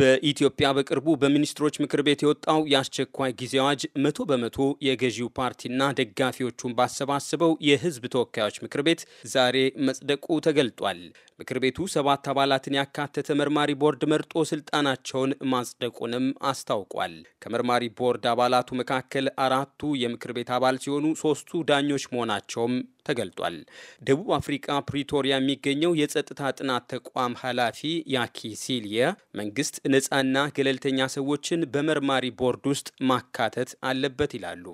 በኢትዮጵያ በቅርቡ በሚኒስትሮች ምክር ቤት የወጣው የአስቸኳይ ጊዜ አዋጅ መቶ በመቶ የገዢው ፓርቲና ደጋፊዎቹን ባሰባስበው የሕዝብ ተወካዮች ምክር ቤት ዛሬ መጽደቁ ተገልጧል። ምክር ቤቱ ሰባት አባላትን ያካተተ መርማሪ ቦርድ መርጦ ስልጣናቸውን ማጽደቁንም አስታውቋል። ከመርማሪ ቦርድ አባላቱ መካከል አራቱ የምክር ቤት አባል ሲሆኑ ሶስቱ ዳኞች መሆናቸውም ተገልጧል። ደቡብ አፍሪካ ፕሪቶሪያ የሚገኘው የጸጥታ ጥናት ተቋም ኃላፊ ያኪ ሲልየ መንግስት ነፃና ገለልተኛ ሰዎችን በመርማሪ ቦርድ ውስጥ ማካተት አለበት ይላሉ።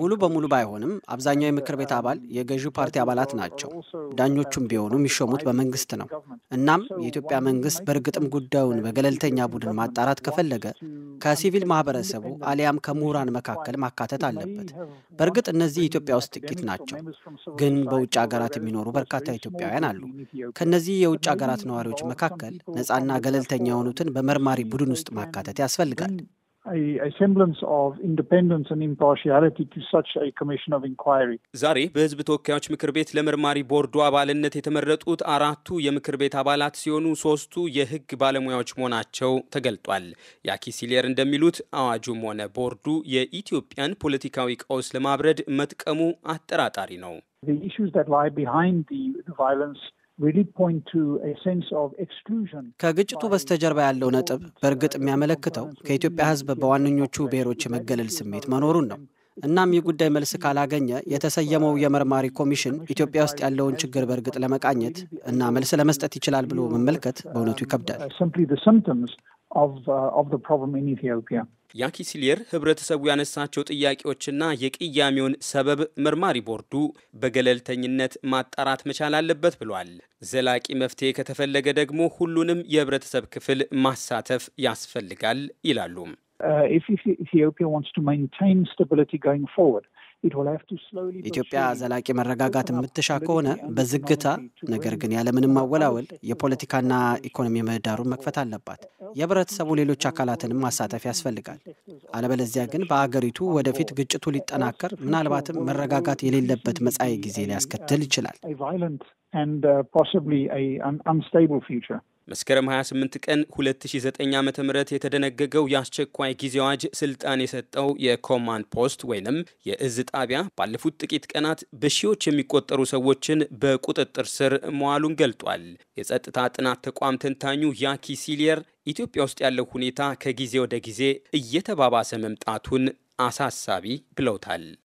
ሙሉ በሙሉ ባይሆንም አብዛኛው የምክር ቤት አባል የገዢው ፓርቲ አባላት ናቸው። ዳኞቹም ቢሆኑ የሚሾሙት በመንግስት ነው። እናም የኢትዮጵያ መንግስት በእርግጥም ጉዳዩን በገለልተኛ ቡድን ማጣራት ከፈለገ ከሲቪል ማህበረሰቡ አሊ አሊያም ከምሁራን መካከል ማካተት አለበት። በእርግጥ እነዚህ ኢትዮጵያ ውስጥ ጥቂት ናቸው፣ ግን በውጭ ሀገራት የሚኖሩ በርካታ ኢትዮጵያውያን አሉ። ከእነዚህ የውጭ ሀገራት ነዋሪዎች መካከል ነፃና ገለልተኛ የሆኑትን በመርማሪ ቡድን ውስጥ ማካተት ያስፈልጋል። ዛሬ በህዝብ ተወካዮች ምክር ቤት ለመርማሪ ቦርዱ አባልነት የተመረጡት አራቱ የምክር ቤት አባላት ሲሆኑ ሶስቱ የህግ ባለሙያዎች መሆናቸው ተገልጧል። የአኪሲሊየር እንደሚሉት አዋጁም ሆነ ቦርዱ የኢትዮጵያን ፖለቲካዊ ቀውስ ለማብረድ መጥቀሙ አጠራጣሪ ነው። ከግጭቱ በስተጀርባ ያለው ነጥብ በእርግጥ የሚያመለክተው ከኢትዮጵያ ሕዝብ በዋነኞቹ ብሔሮች የመገለል ስሜት መኖሩን ነው። እናም ይህ ጉዳይ መልስ ካላገኘ የተሰየመው የመርማሪ ኮሚሽን ኢትዮጵያ ውስጥ ያለውን ችግር በእርግጥ ለመቃኘት እና መልስ ለመስጠት ይችላል ብሎ መመልከት በእውነቱ ይከብዳል። uh, ያኪሲሊየር ህብረተሰቡ ያነሳቸው ጥያቄዎችና የቅያሜውን ሰበብ መርማሪ ቦርዱ በገለልተኝነት ማጣራት መቻል አለበት ብሏል። ዘላቂ መፍትሄ ከተፈለገ ደግሞ ሁሉንም የህብረተሰብ ክፍል ማሳተፍ ያስፈልጋል ይላሉ። uh, ኢትዮጵያ ዘላቂ መረጋጋት የምትሻ ከሆነ በዝግታ ነገር ግን ያለምንም ማወላወል የፖለቲካና ኢኮኖሚ ምህዳሩን መክፈት አለባት። የህብረተሰቡ ሌሎች አካላትንም ማሳተፍ ያስፈልጋል። አለበለዚያ ግን በአገሪቱ ወደፊት ግጭቱ ሊጠናከር ምናልባትም መረጋጋት የሌለበት መጻኢ ጊዜ uh, ሊያስከትል ይችላል። መስከረም 28 ቀን 2009 ዓ ም የተደነገገው የአስቸኳይ ጊዜ አዋጅ ስልጣን የሰጠው የኮማንድ ፖስት ወይንም የእዝ ጣቢያ ባለፉት ጥቂት ቀናት በሺዎች የሚቆጠሩ ሰዎችን በቁጥጥር ስር መዋሉን ገልጧል። የጸጥታ ጥናት ተቋም ተንታኙ ያኪ ሲሊየር ኢትዮጵያ ውስጥ ያለው ሁኔታ ከጊዜ ወደ ጊዜ እየተባባሰ መምጣቱን አሳሳቢ ብለውታል።